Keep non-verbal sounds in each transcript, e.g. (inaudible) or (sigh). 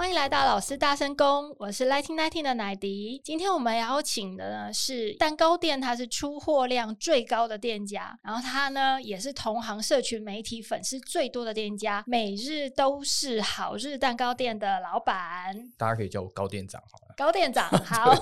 歡迎來到老師大聲公，我是 Lighting Lighting 的奶迪。今天我們邀請的呢是蛋糕店，它是出貨量最高的店家，然後它呢也是同行社群媒體粉絲最多的店家，每日都是好日蛋糕店的老板，大家可以叫我高店長好了。高店長好，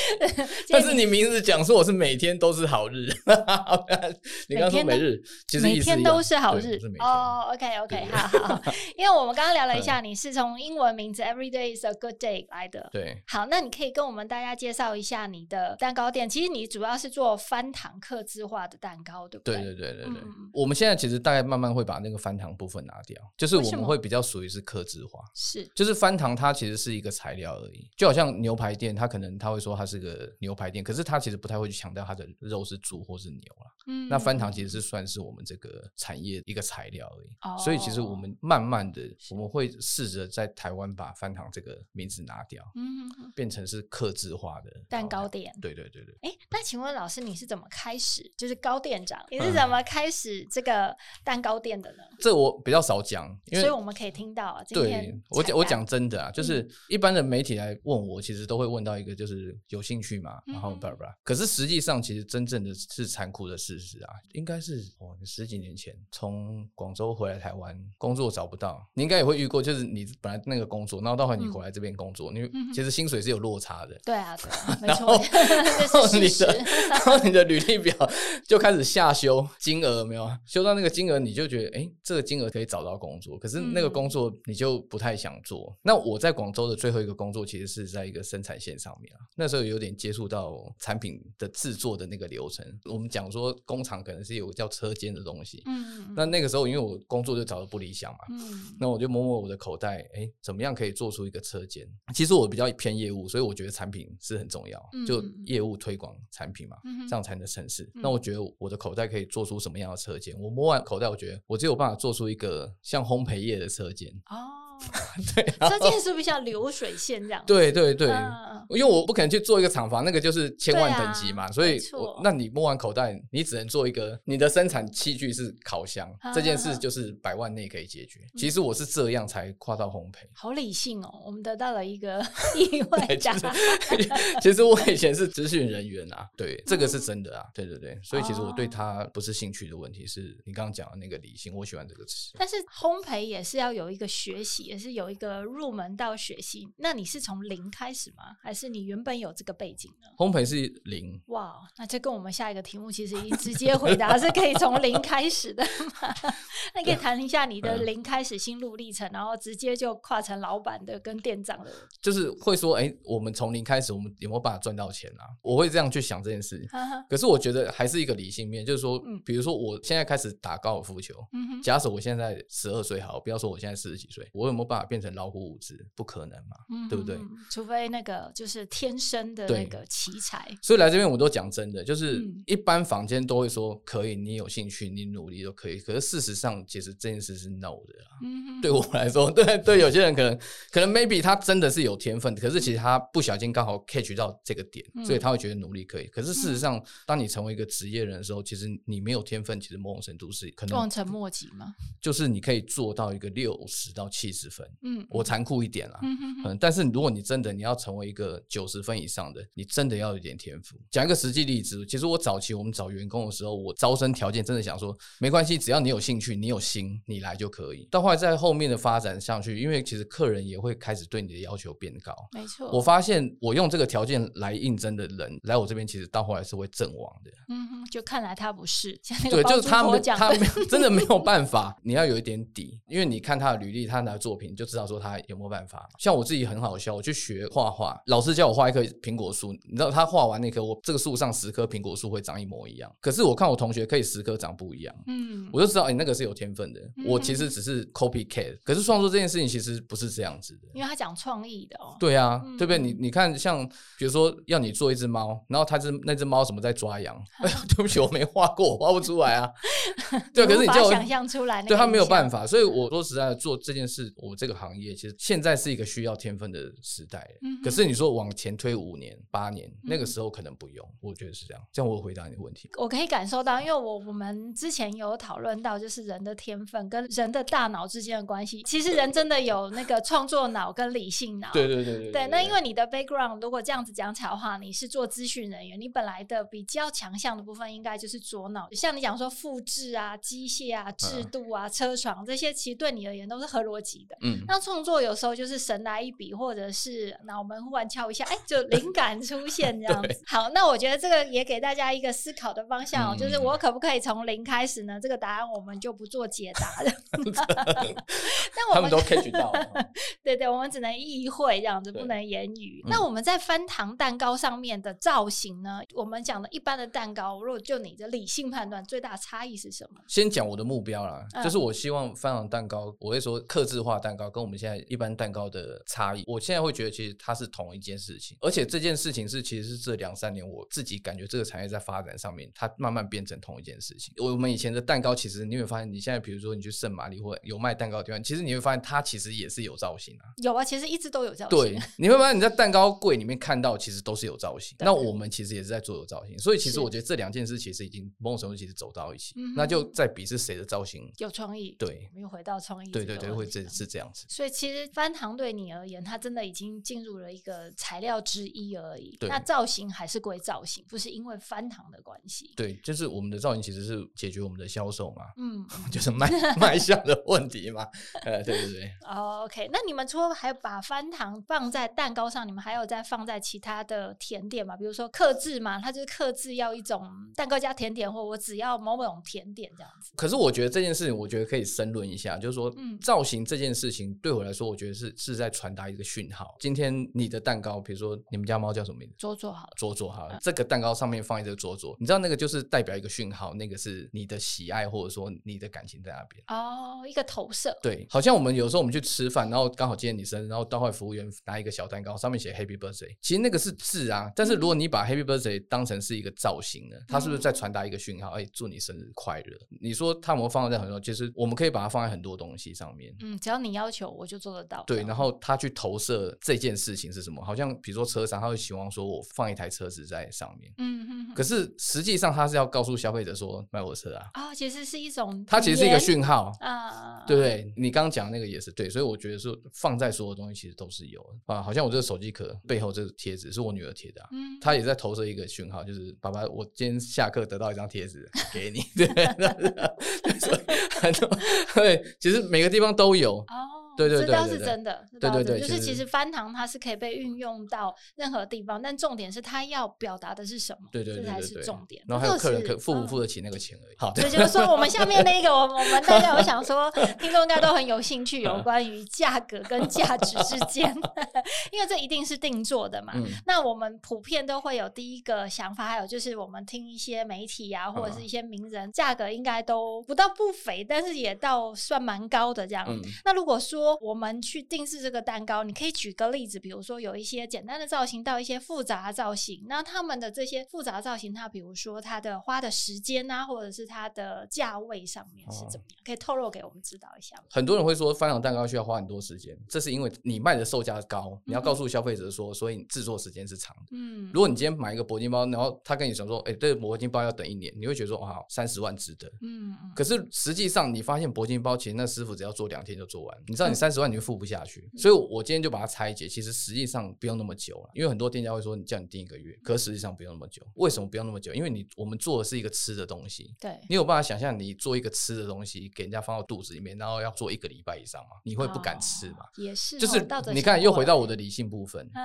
(laughs) 但是你名字講說我是每天都是好日， (laughs) 你剛剛說每日每天都其實意思一樣，每天都是好日哦。Oh, OK OK 好好，因為我們剛剛聊了一下，你是從英文名字 Every day is a good day 來的。對，好，那你可以跟我們大家介紹一下你的蛋糕店。其實你主要是做翻糖客製化的蛋糕，對不對？對對對對對、嗯。我們現在其實大概慢慢會把那個翻糖部分拿掉，就是我們會比較屬於是客製化，是，就是翻糖它其實是一個材料而已，就好像。像牛排店，他可能他會說他是個牛排店，可是他其實不太會去強調他的肉是豬或是牛了、啊。嗯，那翻糖其實是算是我們這個產業一個材料而已。哦。所以其實我們慢慢的，我們會試着在台灣把翻糖這個名字拿掉，嗯，變成是客製化的、嗯、哼哼蛋糕店。對對對對。哎、欸，那請問老師，你是怎麼開始？就是高店長、嗯，你是怎麼開始這個蛋糕店的呢？嗯、這我比較少講，因為所以我們可以聽到、啊。對，我我講真的啊，就是一般的媒體來問我。我其實都會問到一個，就是有興趣嗎、嗯？然後不不、嗯，可是實際上其實真正的是殘酷的事實啊，應該是我十幾年前從廣州回來台灣工作找不到，你應該也會遇過，就是你本來那個工作，然後到後來你回來這邊工作、嗯，你其實薪水是有落差的，嗯、對啊，對啊、沒錯，然後， (laughs) 然後你的 (laughs) 然後你的履歷表就開始下修金額，沒有啊，修到那個金額你就覺得，哎，這個金額可以找到工作，可是那個工作你就不太想做。嗯、那我在廣州的最後一個工作其實是。是在一個生產線上面、啊、那時候有點接觸到產品的製作的那個流程。我們講說工廠可能是有個叫車間的東西，嗯嗯，那那個時候因為我工作就找的不理想嘛、嗯，那我就摸摸我的口袋，哎、欸，怎麼樣可以做出一個車間？其實我比較偏業務，所以我覺得產品是很重要，就業務推廣產品嘛，這樣才能成事。那我覺得我的口袋可以做出什麼樣的車間？我摸完口袋，我覺得我只有辦法做出一個像烘焙業的車間 (laughs) 對，這件事不是像流水線這樣？對對對、啊，因為我不可能去做一個廠房，那個就是千萬等級嘛，啊、所以我，那你摸完口袋，你只能做一個，你的生產器具是烤箱，啊、這件事就是百萬內可以解決、啊嗯。其實我是這樣才跨到烘焙，好理性哦。我們得到了一個意外獎。 (laughs) 其實我以前是執行人員啊，對、嗯，這個是真的啊，對對對。所以其實我對他不是興趣的問題，是你剛剛講的那個理性，我喜歡這個詞。但是烘焙也是要有一個學習。也是有一個入門到學習，那你是從零開始嗎？還是你原本有這個背景呢？烘焙是零，哇，那這跟我們下一個題目其實已經直接回答是可以從零開始的。 (laughs) (laughs) 那你可以談一下你的零開始心路歷程、嗯，然後直接就跨成老闆的跟店長就是會說，哎、欸，我們從零開始，我們有沒有辦法賺到錢啊？我會這樣去想這件事、啊。可是我覺得還是一個理性面，就是說，嗯、比如說我現在開始打高爾夫球，嗯、哼，假設我現在十二歲好，不要說我現在四十幾歲，我。沒辦法變成老虎伍茲，不可能嘛、嗯？對不對？除非那個就是天生的那個奇才。所以來這邊我都講真的，就是一般坊間都會說可以，你有興趣，你努力都可以。可是事實上，其實這件事是 no 的啦。嗯,嗯，對我來說，對對，有些人可能、嗯、可能 maybe 他真的是有天分、嗯，可是其實他不小心剛好 catch 到這個點，嗯、所以他會覺得努力可以。可是事實上、嗯，當你成為一個職業人的時候，其實你沒有天分，其實某種程度是可能望塵莫及嘛。就是你可以做到一個六十到七十。分，嗯，我殘酷一點了，嗯哼哼哼。但是如果你真的你要成為一個九十分以上的，你真的要有點天賦。講一個實際例子，其實我早期我們找員工的時候，我招生條件真的想說，沒關係，只要你有興趣，你有心，你來就可以。到後來在後面的發展上去，因為其實客人也會開始對你的要求變高，沒錯。我發現我用這個條件來應徵的人來我這邊，其實到後來是會陣亡的，嗯哼，就看來他不是，對，就是他們他沒有 (laughs) 真的沒有辦法，你要有一點底，因為你看他的履歷，他拿來做。就知道說他有沒有辦法。像我自己很好笑，我去學畫畫，老師叫我畫一棵蘋果樹，你知道他畫完那棵，我這個樹上十棵蘋果樹會長一模一樣。可是我看我同學可以十棵長不一樣，嗯，我就知道你、欸、那個是有天分的。我其實只是 copy cat，可是創作這件事情其實不是這樣子的，啊、因為他講創意的哦、嗯。對啊，對不對？你你看，像比如說要你做一隻貓，然後他只那隻貓什麼在抓羊，哎呦，對不起，我沒畫過，我畫不出來啊。對，可是你就想象出來，對他沒有辦法。所以我說實在的，做這件事。我這個行業其實現在是一個需要天分的時代，嗯，可是你說往前推五年、八年，嗯，那個時候可能不用，我覺得是這樣。這樣我回答你的問題，我可以感受到，因為我我們之前有討論到，就是人的天分跟人的大腦之間的關係。其實人真的有那個創作腦跟理性腦， (laughs) 對，對，對，對，對，對對對對。對，那因為你的 background，如果這樣子講起來的話，你是做資訊人員，你本來的比較強項的部分應該就是左腦，像你講說複製啊、機械啊、制度啊、啊車床這些，其實對你而言都是合邏輯的。嗯，那創作有時候就是神來一筆，或者是腦門忽然敲一下，哎、欸，就靈感出現這樣子。 (laughs) 好，那我覺得這個也給大家一個思考的方向，嗯、就是我可不可以從零開始呢？這個答案我們就不做解答了。 (laughs) (laughs) 我們他們都 catch 到。 (laughs) 對對，我們只能意會這樣子，不能言語。嗯、那我們在翻糖蛋糕上面的造型呢？我們講的一般的蛋糕，如果就你的理性判斷，最大差異是什麼？先講我的目標啦，就是我希望翻糖蛋糕，嗯、我會說客製化。蛋糕跟我們現在一般蛋糕的差異，我現在會覺得其實它是同一件事情，而且這件事情是其實是這兩三年我自己感覺這個產業在發展上面，它慢慢變成同一件事情。我們以前的蛋糕，其實你會發現，你現在比如說你去聖瑪麗或有賣蛋糕的地方，其實你會發現它其實也是有造型啊，有啊，其實一直都有造型。對，你會發現你在蛋糕櫃裡面看到，其實都是有造型。那我們其實也是在做有造型，所以其實我覺得這兩件事其實已經某種程度其實走到一起，嗯，那就在比是誰的造型有創意，對，又回到創意，對對對，會這這樣子，所以其實翻糖對你而言，它真的已經進入了一個材料之一而已。對。那造型還是歸造型，不是因為翻糖的關係。對，就是我們的造型其實是解決我們的銷售嘛，嗯，就是賣 (laughs) 賣相的問題嘛。對、 (laughs) 嗯、對對對。OK，那你們除了還把翻糖放在蛋糕上，你們還有再放在其他的甜點嘛？比如說客製嘛，它就是客製要一種蛋糕加甜點，或我只要某,某種甜點這樣子。可是我覺得這件事情，我覺得可以申論一下，就是說造型這件事。事情對我來說，我覺得是是在傳達一個訊號。今天你的蛋糕，比如說你們家貓叫什麼名字？卓卓好了，卓卓好了、嗯。這個蛋糕上面放一個卓卓，你知道那個就是代表一個訊號，那個是你的喜愛或者說你的感情在那邊。哦，一個投射。對，好像我們有時候我們去吃飯，然後剛好今天你生日，然後待會服務員拿一個小蛋糕，上面寫 Happy Birthday。其實那個是字啊，但是如果你把 Happy Birthday 當成是一個造型呢，它是不是在傳達一個訊號？哎，祝你生日快樂。嗯、你說它會放在很多，其實我們可以把它放在很多東西上面。嗯，只要你。你要求我就做得到。對，然後他去投射這件事情是什麼？好像比如說車上，他會希望說我放一台車子在上面。嗯哼哼，可是實際上他是要告訴消費者說買我的車啊。啊、哦，其實是一種，他其實是一個訊號，啊，對不對？你剛剛講那個也是對，所以我覺得是放在所有東西其實都是有啊。好像我這個手機殼背後這個貼紙是我女兒貼的、啊，嗯，她也在投射一個訊號，就是爸爸，我今天下課得到一張貼紙給你， (laughs) 對。 (laughs) (laughs) (laughs) 很多，對，其實每個地方都有。Oh. 對對對對對，就是其實翻糖它是可以被運用到任何地方，對對對對，但重點是它要表達的是什麼對對對對對？這才是重點。然後還有客人可付不付得起那個錢而已。嗯、好，對，對就是說我們下面那一個我，我我們大概我想說，聽眾應該都很有興趣有關於價格跟價值之間、 (laughs) 嗯，因為這一定是定做的嘛，嗯。那我們普遍都會有第一個想法，還有就是我們聽一些媒體呀，啊，或者是一些名人，價格應該都不到不菲，但是也倒算蠻高的這樣。嗯，那如果說我們去定制這個蛋糕，你可以舉個例子，比如說有一些簡單的造型到一些複雜的造型，那他們的這些複雜的造型，它比如說它的花的時間啊，或者是它的價位上面是怎麼樣？哦，可以透露給我們知道一下嗎？很多人會說翻糖蛋糕需要花很多時間，這是因為你賣的售價高，你要告訴消費者說，所以你制作時間是長。嗯，如果你今天買一個鉑金包，然後他跟你想說，哎，這個鉑金包要等一年，你會覺得說哇，三十萬值得。嗯，可是實際上你發現鉑金包其實那師傅只要做兩天就做完，你知道你。三十萬你就付不下去。嗯，所以我今天就把它拆解。其實實際上不用那麼久了。啊，因為很多店家會說你叫你訂一個月，可實際上不用那麼久。為什麼不用那麼久？因為你我們做的是一個吃的東西，對，你有辦法想象你做一個吃的東西給人家放到肚子裡面，然後要做一個禮拜以上嘛，你會不敢吃嘛？哦？也是，就是、哦、你看又回到我的理性部分。啊，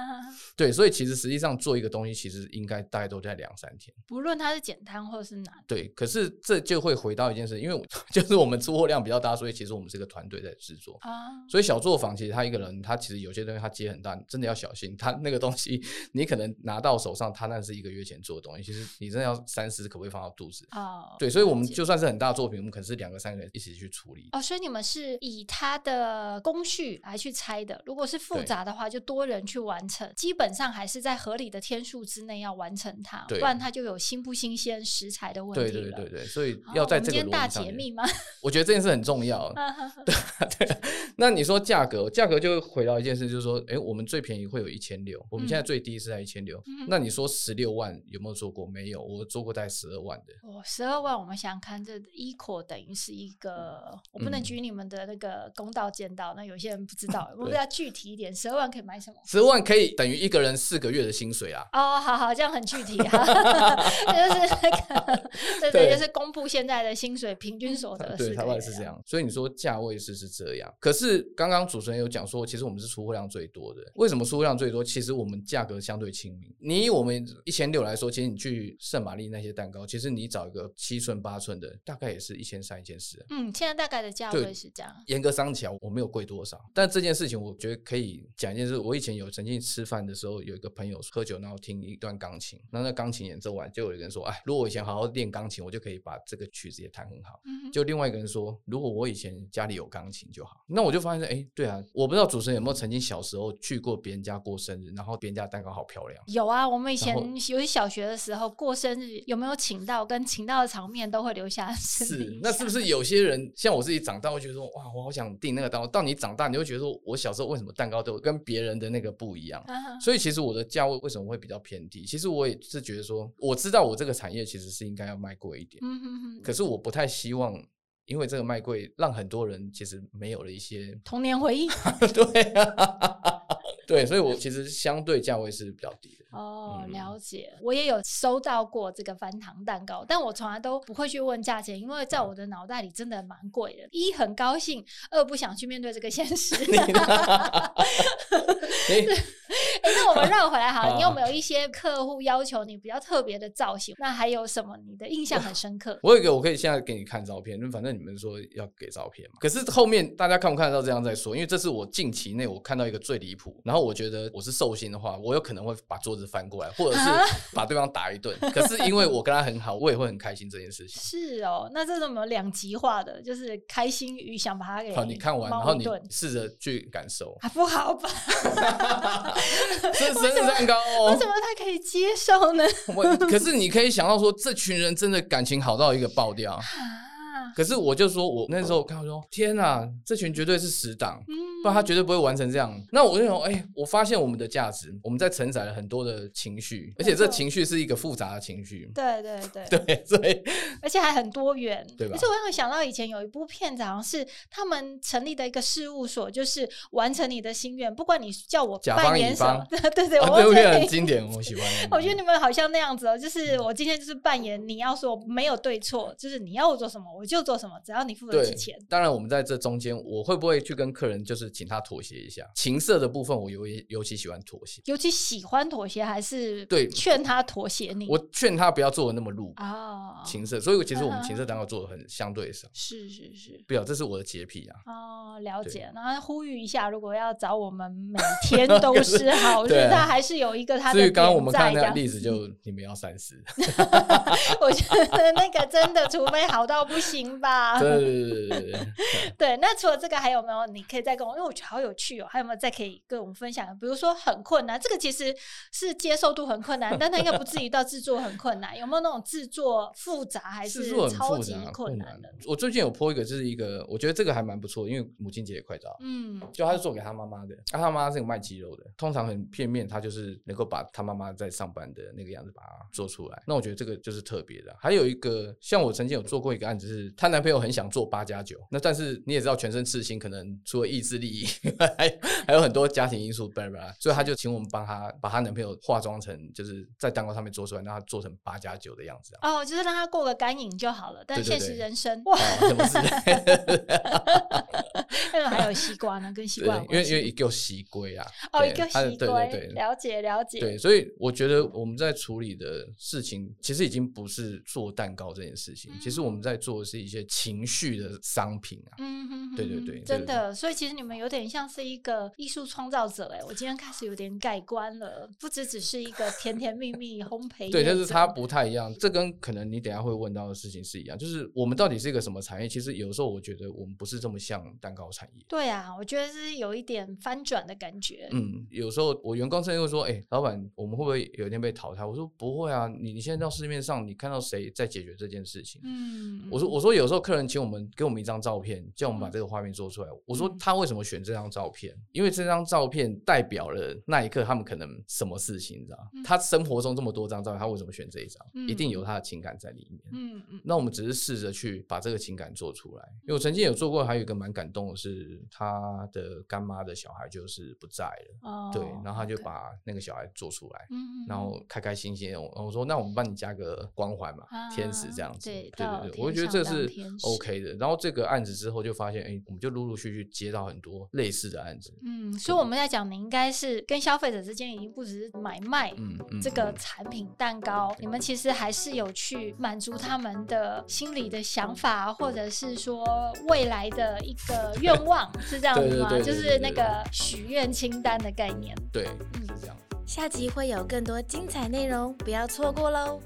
對，所以其實實際上做一個東西，其實應該大概都在兩三天，不論它是簡單或者是難。對，可是這就會回到一件事，因為就是我們出貨量比較大，所以其實我們是一個團隊在製作啊。所以小作坊其實他一個人，他其實有些東西他接很大，真的要小心。他那個東西你可能拿到手上，他那是一個月前做的東西，其實你真的要三思，可不可以放到肚子？哦，對，所以我們就算是很大的作品，我們可能是兩個三個人一起去處理。哦，所以你們是以他的工序來去拆的，如果是複雜的話，就多人去完成，基本上還是在合理的天數之內要完成它對，不然它就有新不新鮮食材的問題。對對對對，所以要在這個、哦、天大解密嗎？我覺得這件事很重要。對 (laughs) (laughs) 對，那。你說價格，價格就回到一件事，就是說，哎、欸，我們最便宜會有一千六，我們現在最低是在一千六。那你說十六萬有沒有做過？沒有，我做過在十二萬的。哦，十二萬，我們想看這 e 括等於是一個，我不能舉你們的那個公道見到、嗯，那有些人不知道，我們要具體一點，十二萬可以買什麼？十萬可以等於一個人四個月的薪水啊。哦，好好，這樣很具體啊， (laughs) 就是那這個、 (laughs) 就是公布現在的薪水平均所得是。對，台灣是這樣，所以你說價位是是這樣，可是。剛剛主持人有講說，其實我們是出貨量最多的。為什麼出貨量最多？其實我們價格相對親民。你以我們一千六來說，其實你去聖瑪麗那些蛋糕，其實你找一個七寸八寸的，大概也是一千三、一千四。嗯，現在大概的價位是這樣。嚴格上講，我沒有貴多少。但這件事情，我覺得可以講一件事。我以前有曾經吃飯的時候，有一個朋友喝酒，然後聽一段鋼琴，那那鋼琴演奏完，就有一個人說：“哎，如果我以前好好練鋼琴，我就可以把這個曲子也彈很好。嗯”就另外一個人說：“如果我以前家裡有鋼琴就好，那我就。”發現說哎、欸，對啊，我不知道主持人有沒有曾經小時候去過別人家過生日，然後別人家蛋糕好漂亮。有啊，我們以前尤其小學的時候過生日，有沒有請到跟請到的場面都會留下。是，那是不是有些人像我自己長大，會覺得說哇，我好想訂那個蛋糕。到你長大，你會覺得說我小時候為什麼蛋糕都跟別人的那個不一樣？啊、所以其實我的價位為什麼會比較偏低？其實我也是覺得說，我知道我這個產業其實是應該要賣貴一點。嗯嗯嗯。可是我不太希望。因為這個賣貴，讓很多人其實沒有了一些童年回憶。 (laughs) 對， (laughs) 對，所以我其實相對價位是比較低的。哦，了解。我也有收到過這個翻糖蛋糕，但我從來都不會去問價錢，因為在我的腦袋裡真的蠻貴的。一很高興，二不想去面對這個現實。哈哈哈，那我們繞回來好，哈、啊，你有沒有一些客戶要求你比較特別的造型？啊？那還有什麼你的印象很深刻？我有一個，我可以現在給你看照片，反正你們說要給照片嘛。可是後面大家看不看得到這樣再說，因為這是我近期內我看到一個最離譜。然後我覺得我是壽星的話，我有可能會把桌子。翻過來，或者是把對方打一頓，啊、 (laughs) 可是因為我跟他很好，我也會很開心這件事情。是哦，那這怎麼兩極化的？就是開心與想把他給……好，你看完，然後你試着去感受、啊。不好吧？這生日蛋糕哦，為什麼他可以接受呢？我 (laughs) 可是你可以想到說，這群人真的感情好到一個爆掉。啊可是我就說，我那時候看我說，天吶、啊，這群絕對是死黨，不、嗯、然他絕對不會完成這樣。那我就想，哎、欸，我發現我們的價值，我們在承載了很多的情緒，而且這情緒是一個複雜的情緒，對對對對對所以、嗯，而且還很多元，對吧？而且我想到以前有一部片，好像是他們成立的一個事務所，就是完成你的心願，不管你叫我扮演什麼。甲方乙方 (laughs) 對，對對，我覺得、啊、很經典，我喜歡。 (laughs) 我覺得你們好像那樣子、喔，哦，就是我今天就是扮演，你要說沒有對錯，就是你要我做什麼，我。就。就做什麼，只要你付得起錢。當然，我們在這中間，我會不會去跟客人就是請他妥協一下？情色的部分，我尤尤其喜歡妥協，尤其喜歡妥協還是對勸他妥協你，我勸他不要做的那麼露啊、哦、情色。所以，我其實我們情色蛋糕做的很相對少對，啊，是是是，不要，這是我的潔癖啊。哦，了解。那呼籲一下，如果要找我們，每天都是好， (laughs) 是啊就是，他還是有一個他，所以剛剛我們看的那個例子，就，嗯、你們要三思。 (laughs) 我覺得那個真的， (laughs) 除非好到不行。對對對對 (laughs) 對。那除了這個還有沒有？你可以再跟我，因為我覺得好有趣哦、喔。還有沒有再可以跟我們分享？比如說很困難，這個其實是接受度很困難，但他應該不至於到制作很困難。 (laughs) 有沒有那種制作複雜還是超級困難的？難我最近有 po 一個，就是一個，我覺得這個還蠻不錯，因為母親節也快到了，嗯，就他是做給他媽媽的，他他媽是個賣雞肉的，通常很片面，他就是能夠把他媽媽在上班的那個樣子把它做出來。那我覺得這個就是特別的。還有一個，像我曾經有做過一個案子是。她男朋友很想做八加九，那但是你也知道，全身刺青可能除了意志力以外，還有很多家庭因素，巴 (laughs) 拉所以他就請我們幫他把他男朋友化妝成，就是在蛋糕上面做出來，讓他做成八加九的樣子樣。哦，就是讓他過個乾癮就好了，但現實人生對對對哇，怎麼麼還有西瓜呢？跟西瓜，因為因為一個西瓜啊，哦，一個西瓜，了解、了解。對，所以我覺得我們在處理的事情，其實已經不是做蛋糕這件事情，嗯、其實我們在做的是。一些情緒的商品啊，嗯哼，哼，對對對，真的對對對，所以其實你們有點像是一個藝術創造者哎，我今天開始有點改觀了，不只只是一個甜甜蜜蜜 (laughs) 烘焙，對，但、就是它不太一樣， (laughs) 這跟可能你等一下會問到的事情是一樣，就是我們到底是一個什麼產業？其實有時候我覺得我們不是這麼像蛋糕產業，對啊，我覺得是有一點翻轉的感覺， (laughs) 嗯，有時候我員工甚至會說，哎、欸，老闆，我們會不會有一天被淘汰？我說不會啊，你你現在到市面上，你看到誰在解決這件事情？嗯，我說我說。有時候客人請我們給我們一張照片，叫我們把這個畫面做出來。我說他為什麼選這張照片、嗯？因為這張照片代表了那一刻，他們可能什麼事情，你知道嗎、嗯？他生活中這麼多張照片，他為什麼選這一張、嗯？一定有他的情感在裡面。嗯嗯。那我們只是試着去把這個情感做出來。嗯、因為我曾經有做過，還有一個蠻感動的是，他的乾媽的小孩就是不在了、哦，對，然後他就把那個小孩做出來，嗯、哦，然後開開心心。嗯、我我說那我們幫你加個光環嘛、啊，天使這樣子，對對，對對，我就覺得這是。OK 的，然後這個案子之後就發現，哎、欸，我們就陸陸續續接到很多類似的案子。嗯，所以我們在講，你應該是跟消費者之間已經不只是買賣，嗯，這個產品蛋糕、嗯嗯嗯，你們其實還是有去滿足他們的心理的想法，或者是說未來的一個願望， (laughs) 是這樣子嗎？就是那個許願清單的概念。對，嗯、就是，這樣。下集會有更多精彩內容，不要錯過嘍。